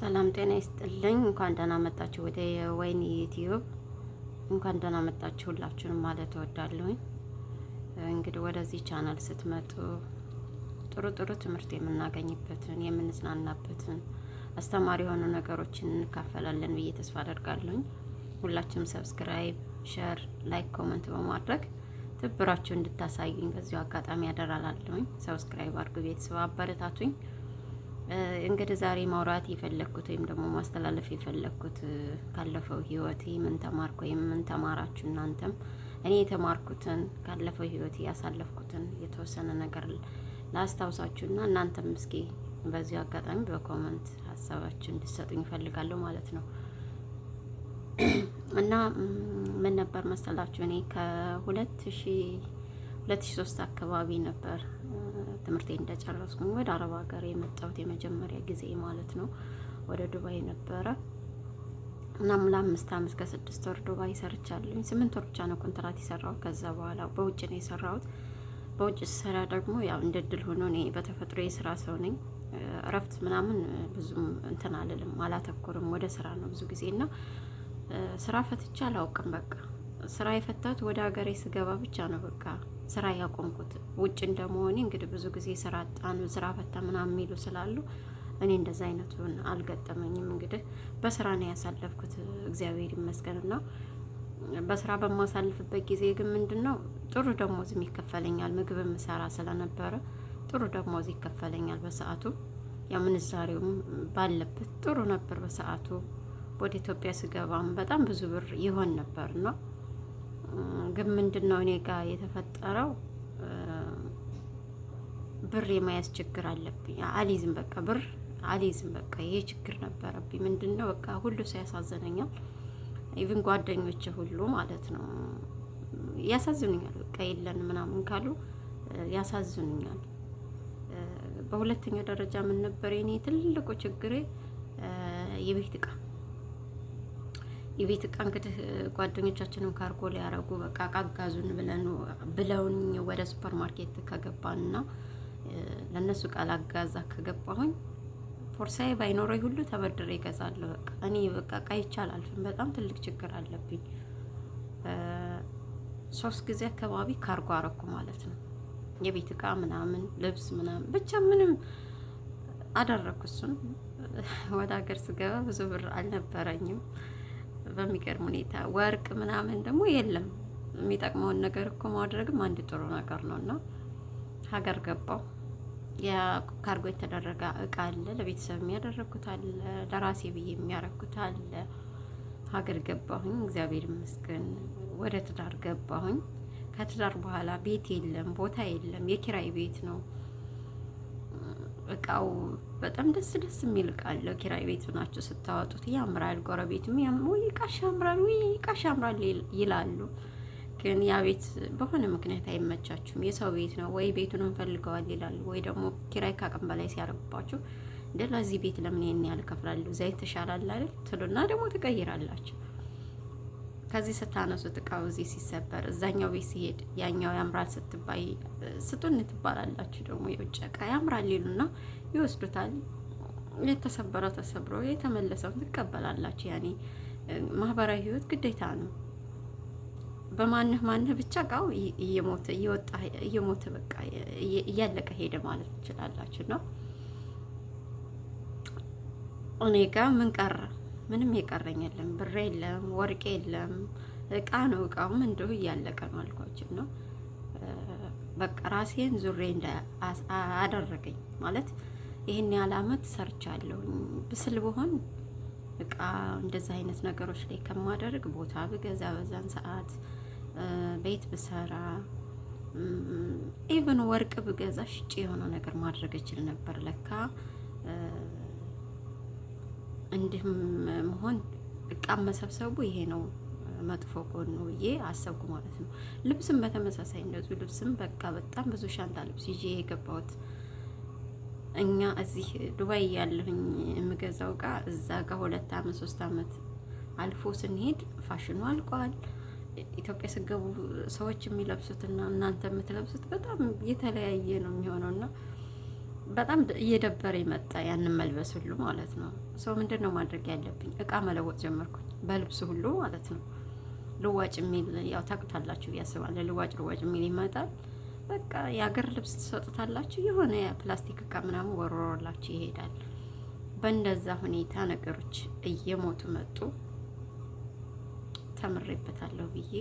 ሰላም ጤና ይስጥልኝ። እንኳን ደህና መጣችሁ ወደ ወይን ዩቲዩብ፣ እንኳን ደህና መጣችሁ ሁላችሁንም ማለት እወዳለሁኝ። እንግዲህ ወደዚህ ቻናል ስትመጡ ጥሩ ጥሩ ትምህርት የምናገኝበትን የምንዝናናበትን አስተማሪ የሆኑ ነገሮችን እንካፈላለን ብዬ ተስፋ አደርጋለሁኝ። ሁላችሁም ሰብስክራይብ፣ ሸር፣ ላይክ፣ ኮመንት በማድረግ ትብብራችሁ እንድታሳዩኝ በዚሁ አጋጣሚ ያደራላለሁኝ። ሰብስክራይብ አድርጉ ቤተሰብ አበረታቱኝ። እንግዲህ ዛሬ ማውራት የፈለግኩት ወይም ደግሞ ማስተላለፍ የፈለግኩት ካለፈው ህይወቴ ምን ተማርኩ ወይም ምን ተማራችሁ እናንተም እኔ የተማርኩትን ካለፈው ህይወቴ ያሳለፍኩትን የተወሰነ ነገር ላስታውሳችሁና እናንተም እስኪ በዚሁ አጋጣሚ በኮመንት ሀሳባችሁ እንድሰጡኝ ይፈልጋለሁ ማለት ነው። እና ምን ነበር መሰላችሁ እኔ ከሁለት ሺ ሁለት ሺ ሶስት አካባቢ ነበር ትምህርቴ እንደጨረስኩኝ ወደ አረብ ሀገር የመጣሁት የመጀመሪያ ጊዜ ማለት ነው። ወደ ዱባይ ነበረ። እናም ለአምስት አመት ከስድስት ወር ዱባይ ሰርቻለሁኝ። ስምንት ወር ብቻ ነው ኮንትራት የሰራሁት። ከዛ በኋላ በውጭ ነው የሰራሁት። በውጭ ስሰራ ደግሞ ያው እንደ ድል ሆኖ እኔ በተፈጥሮ የስራ ሰው ነኝ። እረፍት ምናምን ብዙም እንትን አልልም፣ አላተኩርም። ወደ ስራ ነው ብዙ ጊዜ እና ስራ ፈትቼ አላውቅም። በቃ ስራ የፈታሁት ወደ ሀገሬ ስገባ ብቻ ነው በቃ ስራ ያቆምኩት ውጭ እንደመሆኔ እንግዲህ ብዙ ጊዜ ስራ አጣን፣ ስራ ፈታ ምናምን የሚሉ ስላሉ እኔ እንደዛ አይነቱን አልገጠመኝም። እንግዲህ በስራ ነው ያሳለፍኩት እግዚአብሔር ይመስገንና በስራ በማሳልፍበት ጊዜ ግን ምንድን ነው ጥሩ ደሞዝ ይከፈለኛል። ምግብ ምሰራ ስለነበረ ጥሩ ደሞዝ ይከፈለኛል በሰዓቱ ያው ምንዛሬውም ባለበት ጥሩ ነበር በሰዓቱ። ወደ ኢትዮጵያ ስገባም በጣም ብዙ ብር ይሆን ነበር ነው ግን ምንድን ነው እኔ ጋር የተፈጠረው ብር የማያዝ ችግር አለብኝ። አሊዝም በቃ ብር አሊዝም በቃ ይሄ ችግር ነበረብኝ። ምንድን ነው በቃ ሁሉ ሰው ያሳዝነኛል ኢቭን ጓደኞች ሁሉ ማለት ነው ያሳዝኑኛል። በቃ የለን ምናምን ካሉ ያሳዝኑኛል። በሁለተኛ ደረጃ ምን ነበር የኔ ትልቁ ችግሬ የቤት እቃ የቤት እቃ እንግዲህ ጓደኞቻችንም ካርጎ ሊያረጉ በቃ ቃጋዙን ብለን ብለውኝ ወደ ሱፐር ማርኬት ከገባንና ለእነሱ ቃል አጋዛ ከገባሁኝ ፖርሳዬ ባይኖረኝ ሁሉ ተበድሬ ይገዛለሁ። በቃ እኔ በቃ ቃ ይቻል አልፍም። በጣም ትልቅ ችግር አለብኝ። ሶስት ጊዜ አካባቢ ካርጎ አረኩ ማለት ነው። የቤት እቃ ምናምን፣ ልብስ ምናምን ብቻ ምንም አደረኩ። እሱን ወደ ሀገር ስገባ ብዙ ብር አልነበረኝም። በሚገርም ሁኔታ ወርቅ ምናምን ደግሞ የለም። የሚጠቅመውን ነገር እኮ ማድረግም አንድ ጥሩ ነገር ነው እና ሀገር ገባው ካርጎ የተደረገ እቃ አለ፣ ለቤተሰብ የሚያደረግኩት አለ፣ ለራሴ ብዬ የሚያረግኩት አለ። ሀገር ገባሁኝ፣ እግዚአብሔር ይመስገን። ወደ ትዳር ገባሁኝ። ከትዳር በኋላ ቤት የለም፣ ቦታ የለም፣ የኪራይ ቤት ነው። እቃው በጣም ደስ ደስ የሚል እቃ አለ። ኪራይ ቤቱ ናቸው ስታወጡት ያምራል። ጎረቤትም ወይ ቃሽ ያምራል፣ ወይ ቃሽ ያምራል ይላሉ። ግን ያ ቤት በሆነ ምክንያት አይመቻችሁም። የሰው ቤት ነው ወይ ቤቱን እንፈልገዋል ይላሉ፣ ወይ ደግሞ ኪራይ ከአቅም በላይ ሲያረግባችሁ እንደ ለዚህ ቤት ለምን ይሄን ያልከፍላሉ ዘይት ትሻላል አይደል ትሉና ደግሞ ትቀይራላችሁ። ከዚህ ስታነሱት እቃው እዚህ ሲሰበር እዛኛው ቤት ሲሄድ ያኛው ያምራል ስትባይ ስጡን ትባላላችሁ። ደግሞ የውጭ እቃ ያምራል ሊሉና ይወስዱታል። የተሰበረው ተሰብሮ የተመለሰውን ትቀበላላችሁ። ያኔ ማህበራዊ ህይወት ግዴታ ነው። በማንህ ማንህ ብቻ እቃው እየሞተ እየወጣ እየሞተ በቃ እያለቀ ሄደ ማለት ትችላላችሁ ነው እኔ ጋር ምን ቀረ ምንም የቀረኝ የለም። ብር የለም፣ ወርቅ የለም። እቃ ነው እቃውም እንደው እያለቀ ነው አልኳቸው ነው በቃ ራሴን ዙሬ እንደ አደረገኝ ማለት ይህን ያህል አመት ሰርቻለሁ። ብስል ብሆን እቃ እንደዚህ አይነት ነገሮች ላይ ከማደርግ ቦታ ብገዛ በዛን ሰዓት ቤት ብሰራ ኢቨን ወርቅ ብገዛ ሽጭ የሆነ ነገር ማድረግ እችል ነበር ለካ እንዲህም መሆን እቃም መሰብሰቡ ይሄ ነው መጥፎ ጎኑ ብዬ አሰብኩ ማለት ነው። ልብስም በተመሳሳይ እንደዚሁ ልብስም በቃ በጣም ብዙ ሻንጣ ልብስ ይዤ የገባሁት እኛ እዚህ ዱባይ ያለሁኝ የምገዛው እቃ እዛ ጋ ሁለት አመት ሶስት አመት አልፎ ስንሄድ ፋሽኑ አልቋል። ኢትዮጵያ ስገቡ ሰዎች የሚለብሱትና እናንተ የምትለብሱት በጣም የተለያየ ነው የሚሆነውና በጣም እየደበረ መጣ። ያንን መልበስ ሁሉ ማለት ነው። ሰው ምንድን ነው ማድረግ ያለብኝ? እቃ መለወጥ ጀመርኩኝ በልብስ ሁሉ ማለት ነው። ልዋጭ የሚል ያው ታቅታላችሁ እያስባለ ልዋጭ ልዋጭ የሚል ይመጣል። በቃ የአገር ልብስ ትሰጡታላችሁ፣ የሆነ ፕላስቲክ እቃ ምናምን ወሮሮላችሁ ይሄዳል። በእንደዛ ሁኔታ ነገሮች እየሞቱ መጡ። ተምሬበታለሁ ብዬ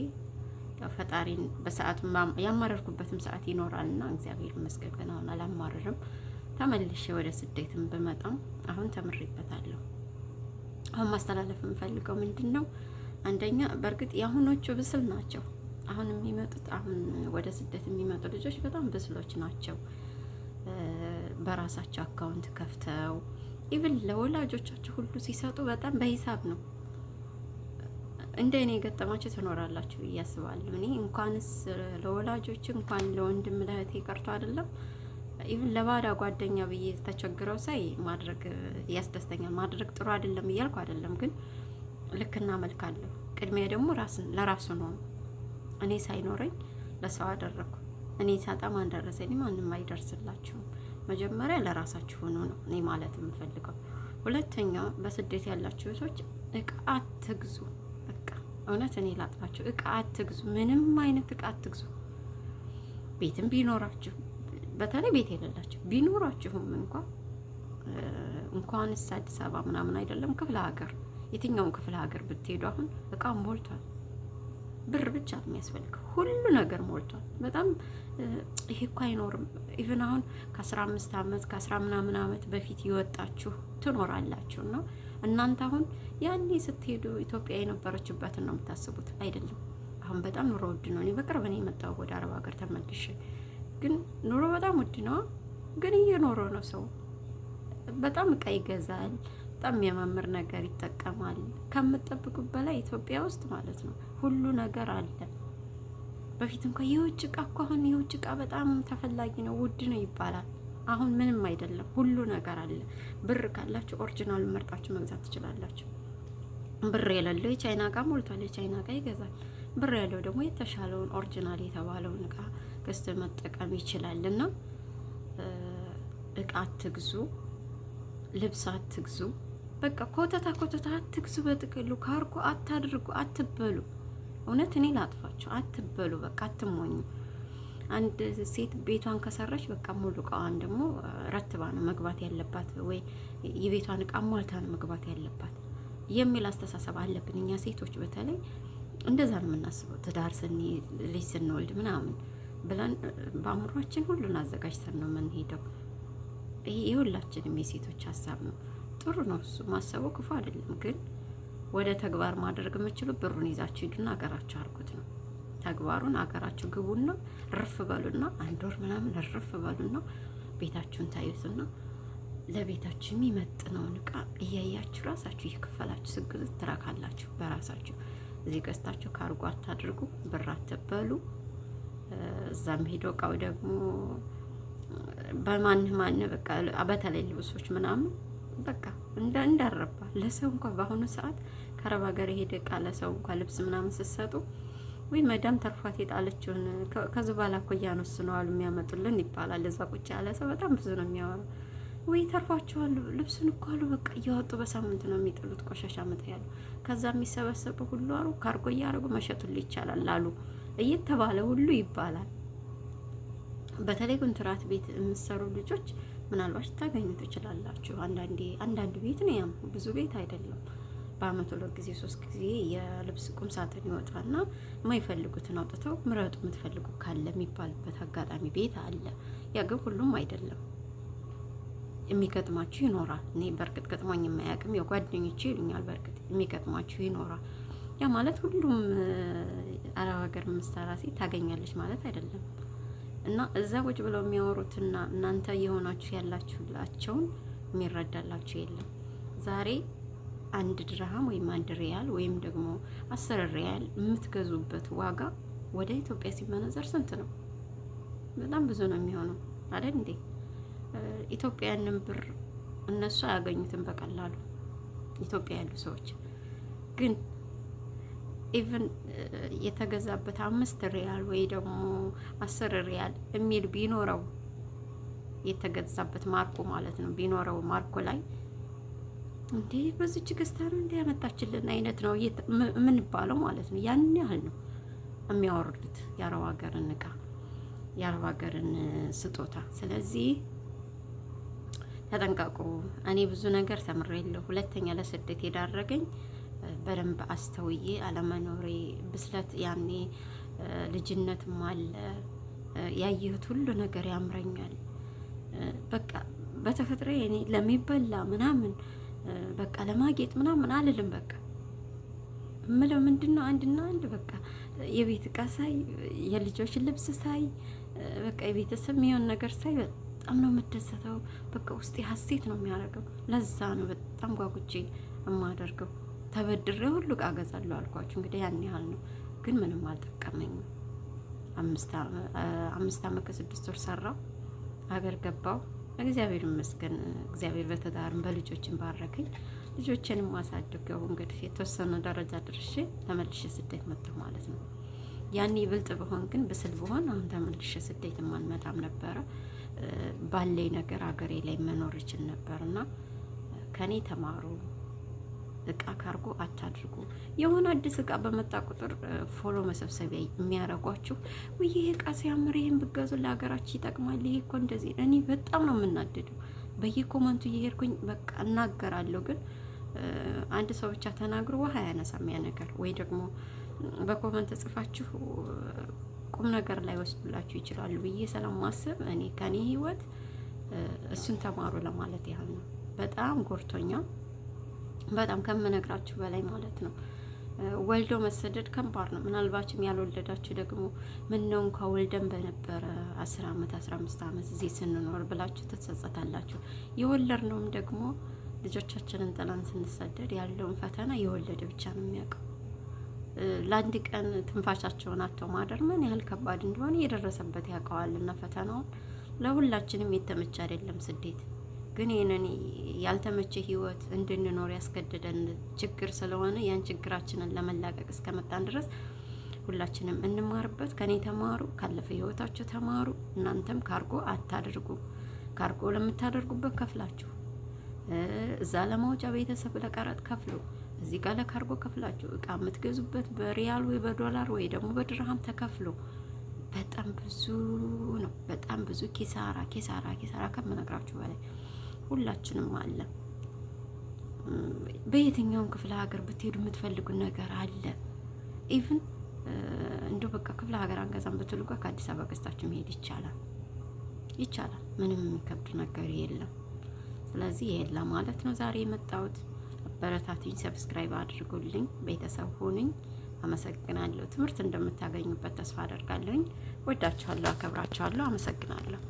ያው ፈጣሪን በሰዓቱ ያማረርኩበትም ሰዓት ይኖራልና እግዚአብሔር ይመስገን ገና አሁን አላማርርም። ተመልሼ ወደ ስደትም ብመጣም አሁን ተምሬበታለሁ። አሁን ማስተላለፍ የምፈልገው ምንድን ነው? አንደኛ በእርግጥ የአሁኖቹ ብስል ናቸው። አሁን የሚመጡት አሁን ወደ ስደት የሚመጡ ልጆች በጣም ብስሎች ናቸው። በራሳቸው አካውንት ከፍተው ኢቭን ለወላጆቻቸው ሁሉ ሲሰጡ በጣም በሂሳብ ነው። እንደ እኔ የገጠማችሁ ትኖራላችሁ ብዬ አስባለሁ። እኔ እንኳንስ ለወላጆች እንኳን ለወንድም ለእህቴ ቀርቶ አይደለም ኢቭን ለባዳ ጓደኛ ብዬ ተቸግረው ሳይ ማድረግ ያስደስተኛል። ማድረግ ጥሩ አይደለም እያልኩ አይደለም፣ ግን ልክና መልክ አለው። ቅድሚያ ደግሞ ራስን ለራሱ ነው። እኔ ሳይኖረኝ ለሰው አደረግኩ። እኔ ሳጣ ማን ደረሰኝ? ማንም አይደርስላችሁም። መጀመሪያ ለራሳችሁ ሆኖ ነው እኔ ማለት የምፈልገው። ሁለተኛው በስደት ያላችሁ ሰዎች እቃ አትግዙ። በቃ እውነት እኔ ላጥፋችሁ፣ እቃ አትግዙ። ምንም አይነት እቃ አትግዙ። ቤትም ቢኖራችሁ በተለይ ቤት የሌላቸው ቢኖራችሁም እንኳ እንኳንስ አዲስ አበባ ምናምን አይደለም ክፍለ ሀገር፣ የትኛውም ክፍለ ሀገር ብትሄዱ አሁን እቃ ሞልቷል። ብር ብቻ የሚያስፈልገው ሁሉ ነገር ሞልቷል። በጣም ይሄ እኮ አይኖርም። ኢቭን አሁን ከአስራ አምስት አመት ከአስራ ምናምን አመት በፊት ይወጣችሁ ትኖራላችሁ እና እናንተ አሁን ያኔ ስትሄዱ ኢትዮጵያ የነበረችበትን ነው የምታስቡት አይደለም። አሁን በጣም ኑሮ ውድ ነው። እኔ በቅርብ ነው የመጣው ወደ አረብ ሀገር ተመልሼ ግን ኑሮ በጣም ውድ ነው። ግን እየኖረ ነው ሰው። በጣም እቃ ይገዛል። በጣም የሚያማምር ነገር ይጠቀማል። ከምጠብቁ በላይ ኢትዮጵያ ውስጥ ማለት ነው ሁሉ ነገር አለ። በፊት እንኳ የውጭ እቃ እኮ አሁን የውጭ እቃ በጣም ተፈላጊ ነው፣ ውድ ነው ይባላል። አሁን ምንም አይደለም፣ ሁሉ ነገር አለ። ብር ካላችሁ ኦሪጂናሉ መርጣችሁ መግዛት ትችላላችሁ። ብር የሌለው የቻይና እቃ ሞልቷል፣ የቻይና እቃ ይገዛል። ብር ያለው ደግሞ የተሻለውን ኦሪጂናል የተባለውን እቃ ገዝተ መጠቀም ይችላል። እና እቃ አትግዙ፣ ልብስ አትግዙ፣ በቃ ኮተታ ኮተታ አትግዙ። በጥቅሉ ካርጎ አታድርጉ፣ አትበሉ። እውነት እኔ ላጥፋችሁ፣ አትበሉ። በቃ አትሞኙ። አንድ ሴት ቤቷን ከሰራች በቃ ሙሉ እቃዋን ደግሞ ረትባ ነው መግባት ያለባት፣ ወይ የቤቷን እቃ ሟልታ ነው መግባት ያለባት የሚል አስተሳሰብ አለብን እኛ ሴቶች በተለይ እንደዛ ነው የምናስበው። ትዳር ስንይዝ ልጅ ስንወልድ ምናምን ብለን በአእምሯችን ሁሉን አዘጋጅተን ነው የምንሄደው። ይሄ የሁላችንም የሴቶች ሀሳብ ነው። ጥሩ ነው እሱ ማሰቡ ክፉ አይደለም። ግን ወደ ተግባር ማድረግ የምችሉ ብሩን ይዛችሁ ሂዱና ሀገራችሁ አድርጉት ነው ተግባሩን አገራችሁ ግቡና ርፍ በሉና አንድ ወር ምናምን ርፍ በሉና ቤታችሁን ታዩትና ለቤታችሁ የሚመጥነውን እቃ እያያችሁ ራሳችሁ እየከፈላችሁ ስግዝት ትራካላችሁ። በራሳችሁ እዚህ ገዝታችሁ ካርጎ አታድርጉ፣ ብር አትበሉ። እዛም ሄዶ እቃው ደግሞ በማን ማን በቃ በተለይ ልብሶች ምናምን በቃ እንዳረባ ለሰው እንኳ በአሁኑ ሰዓት ከአረብ ሀገር የሄደ እቃ ለሰው እንኳ ልብስ ምናምን ስትሰጡ ወይ መዳም ተርፏት የጣለችውን ከዚ በኋላ እኮ አሉ የሚያመጡልን ይባላል። እዛ ቁጭ ያለ ሰው በጣም ብዙ ነው የሚያወራው። ወይ ተርፏቸዋል ልብሱን እኮ አሉ በቃ እያወጡ በሳምንት ነው የሚጥሉት ቆሻሻ መጣ ያሉ ከዛ የሚሰበሰበው ሁሉ አሉ ካርጎ እያደረጉ መሸጡል ይቻላል አሉ። እየተባለ ሁሉ ይባላል። በተለይ ኮንትራት ቤት የምትሰሩ ልጆች ምናልባት ታገኙ ትችላላችሁ። አንዳንዴ አንዳንድ ቤት ነው ያም ብዙ ቤት አይደለም። በአመት ሁለት ጊዜ ሶስት ጊዜ የልብስ ቁም ሳጥን ይወጣና የማይፈልጉትን አውጥተው ምረጡ የምትፈልጉ ካለ የሚባልበት አጋጣሚ ቤት አለ። ያ ግን ሁሉም አይደለም። የሚገጥማችሁ ይኖራል። እኔ በእርግጥ ገጥሞኝ የማያውቅም። የጓደኞቼ ይሉኛል። በእርግጥ የሚገጥማችሁ ይኖራል። ያ ማለት ሁሉም አረብ ሀገር የምትሰራ ሴት ታገኛለች ማለት አይደለም። እና እዛ ቁጭ ብለው የሚያወሩትና እናንተ የሆናችሁ ያላችሁላቸውን የሚረዳላችሁ የለም። ዛሬ አንድ ድርሃም ወይም አንድ ሪያል ወይም ደግሞ አስር ሪያል የምትገዙበት ዋጋ ወደ ኢትዮጵያ ሲመነዘር ስንት ነው? በጣም ብዙ ነው የሚሆነው አይደል እንዴ? ኢትዮጵያንም ብር እነሱ አያገኙትም በቀላሉ ኢትዮጵያ ያሉ ሰዎች ግን ኢቭን የተገዛበት አምስት ሪያል ወይ ደግሞ አስር ሪያል የሚል ቢኖረው የተገዛበት ማርኮ ማለት ነው ቢኖረው ማርኮ ላይ እንዴ በዚች ገዝታ ነው እንዴ ያመጣችልን አይነት ነው የምንባለው ማለት ነው። ያን ያህል ነው የሚያወርዱት የአረብ ሀገርን እቃ የአረብ ሀገርን ስጦታ። ስለዚህ ተጠንቀቁ። እኔ ብዙ ነገር ተምሬለሁ። ሁለተኛ ለስደት የዳረገኝ በደንብ አስተውዬ አለመኖሬ ብስለት ያኔ ልጅነትም አለ ያየሁት ሁሉ ነገር ያምረኛል። በቃ በተፈጥሮ እኔ ለሚበላ ምናምን በቃ ለማጌጥ ምናምን አልልም። በቃ እምለው ምንድን ነው አንድና አንድ በቃ የቤት እቃ ሳይ፣ የልጆች ልብስ ሳይ፣ በቃ የቤተሰብ የሚሆን ነገር ሳይ በጣም ነው የምደሰተው። በቃ ውስጤ ሀሴት ነው የሚያደርገው። ለዛ ነው በጣም ጓጉቼ የማደርገው። ተበድሬ ሁሉ እቃ ገዛለሁ አልኳችሁ። እንግዲህ ያን ያህል ነው፣ ግን ምንም አልጠቀመኝም። አምስት አመት ከስድስት ወር ሰራው፣ ሀገር ገባው። እግዚአብሔር ይመስገን። እግዚአብሔር በተዳርም በልጆችን ባረከኝ። ልጆችንም አሳድገው እንግዲህ የተወሰነ ደረጃ ድርሼ ተመልሼ ስደት መጥተው ማለት ነው። ያኔ ብልጥ ብሆን ግን ብስል ብሆን አሁን ተመልሼ ስደት ማንመጣም ነበረ። ባለኝ ነገር አገሬ ላይ መኖር ይችል ነበር እና ከኔ ተማሩ። እቃ ካርጎ አታድርጉ። የሆነ አዲስ እቃ በመጣ ቁጥር ፎሎ መሰብሰቢያ የሚያደርጓችሁ ውይ ይህ እቃ ሲያምር ይህን ብገዙ ለሀገራችን ይጠቅማል፣ ይሄ እኮ እንደዚህ። እኔ በጣም ነው የምናደደው። በየኮመንቱ እየሄድኩኝ በቃ እናገራለሁ። ግን አንድ ሰው ብቻ ተናግሮ ውሃ ያነሳም ያ ነገር ወይ ደግሞ በኮመንት ጽፋችሁ ቁም ነገር ላይ ወስዱላችሁ ይችላሉ ብዬ ስለማስብ እኔ ከኔ ህይወት እሱን ተማሩ ለማለት ያህል ነው። በጣም ጎርቶኛል። በጣም ከምነግራችሁ በላይ ማለት ነው። ወልዶ መሰደድ ከባድ ነው። ምናልባችም ያልወለዳችሁ ደግሞ ምን ነው እንኳ ወልደን በነበረ አስር አመት አስራ አምስት አመት እዚህ ስንኖር ብላችሁ ትጸጸታላችሁ። ነውም ደግሞ ልጆቻችንን ጥላን ስንሰደድ ያለውን ፈተና የወለደ ብቻ ነው የሚያውቀው። ለአንድ ቀን ትንፋሻቸውን አጥተው ማደር ምን ያህል ከባድ እንደሆነ የደረሰበት ያውቀዋልና ፈተናውን ለሁላችንም የተመቸ አይደለም ስደት ግን ይህንን ያልተመቸ ህይወት እንድንኖር ያስገደደን ችግር ስለሆነ ያን ችግራችንን ለመላቀቅ እስከመጣን ድረስ ሁላችንም እንማርበት። ከኔ ተማሩ፣ ካለፈ ህይወታቸው ተማሩ። እናንተም ካርጎ አታድርጉ። ካርጎ ለምታደርጉበት ከፍላችሁ እዛ ለማውጫ ቤተሰብ ለቀረጥ ከፍሉ፣ እዚህ ጋር ለካርጎ ከፍላችሁ እቃ የምትገዙበት በሪያል ወይ በዶላር ወይ ደግሞ በድርሃም ተከፍሎ በጣም ብዙ ነው። በጣም ብዙ ኪሳራ ኪሳራ ኪሳራ ከምነግራችሁ በላይ ሁላችንም አለ። በየትኛውም ክፍለ ሀገር ብትሄዱ የምትፈልጉን ነገር አለ። ኢቭን እንደው በቃ ክፍለ ሀገር አንገዛም ብትሉ ከአዲስ አበባ ገዝታችሁ መሄድ ይቻላል ይቻላል። ምንም የሚከብድ ነገር የለም። ስለዚህ የለ ማለት ነው ዛሬ የመጣሁት። በረታትኝ ሰብስክራይብ አድርጉልኝ፣ ቤተሰብ ሁኑኝ። አመሰግናለሁ። ትምህርት እንደምታገኙበት ተስፋ አደርጋለሁኝ። ወዳችኋለሁ፣ አከብራችኋለሁ። አመሰግናለሁ።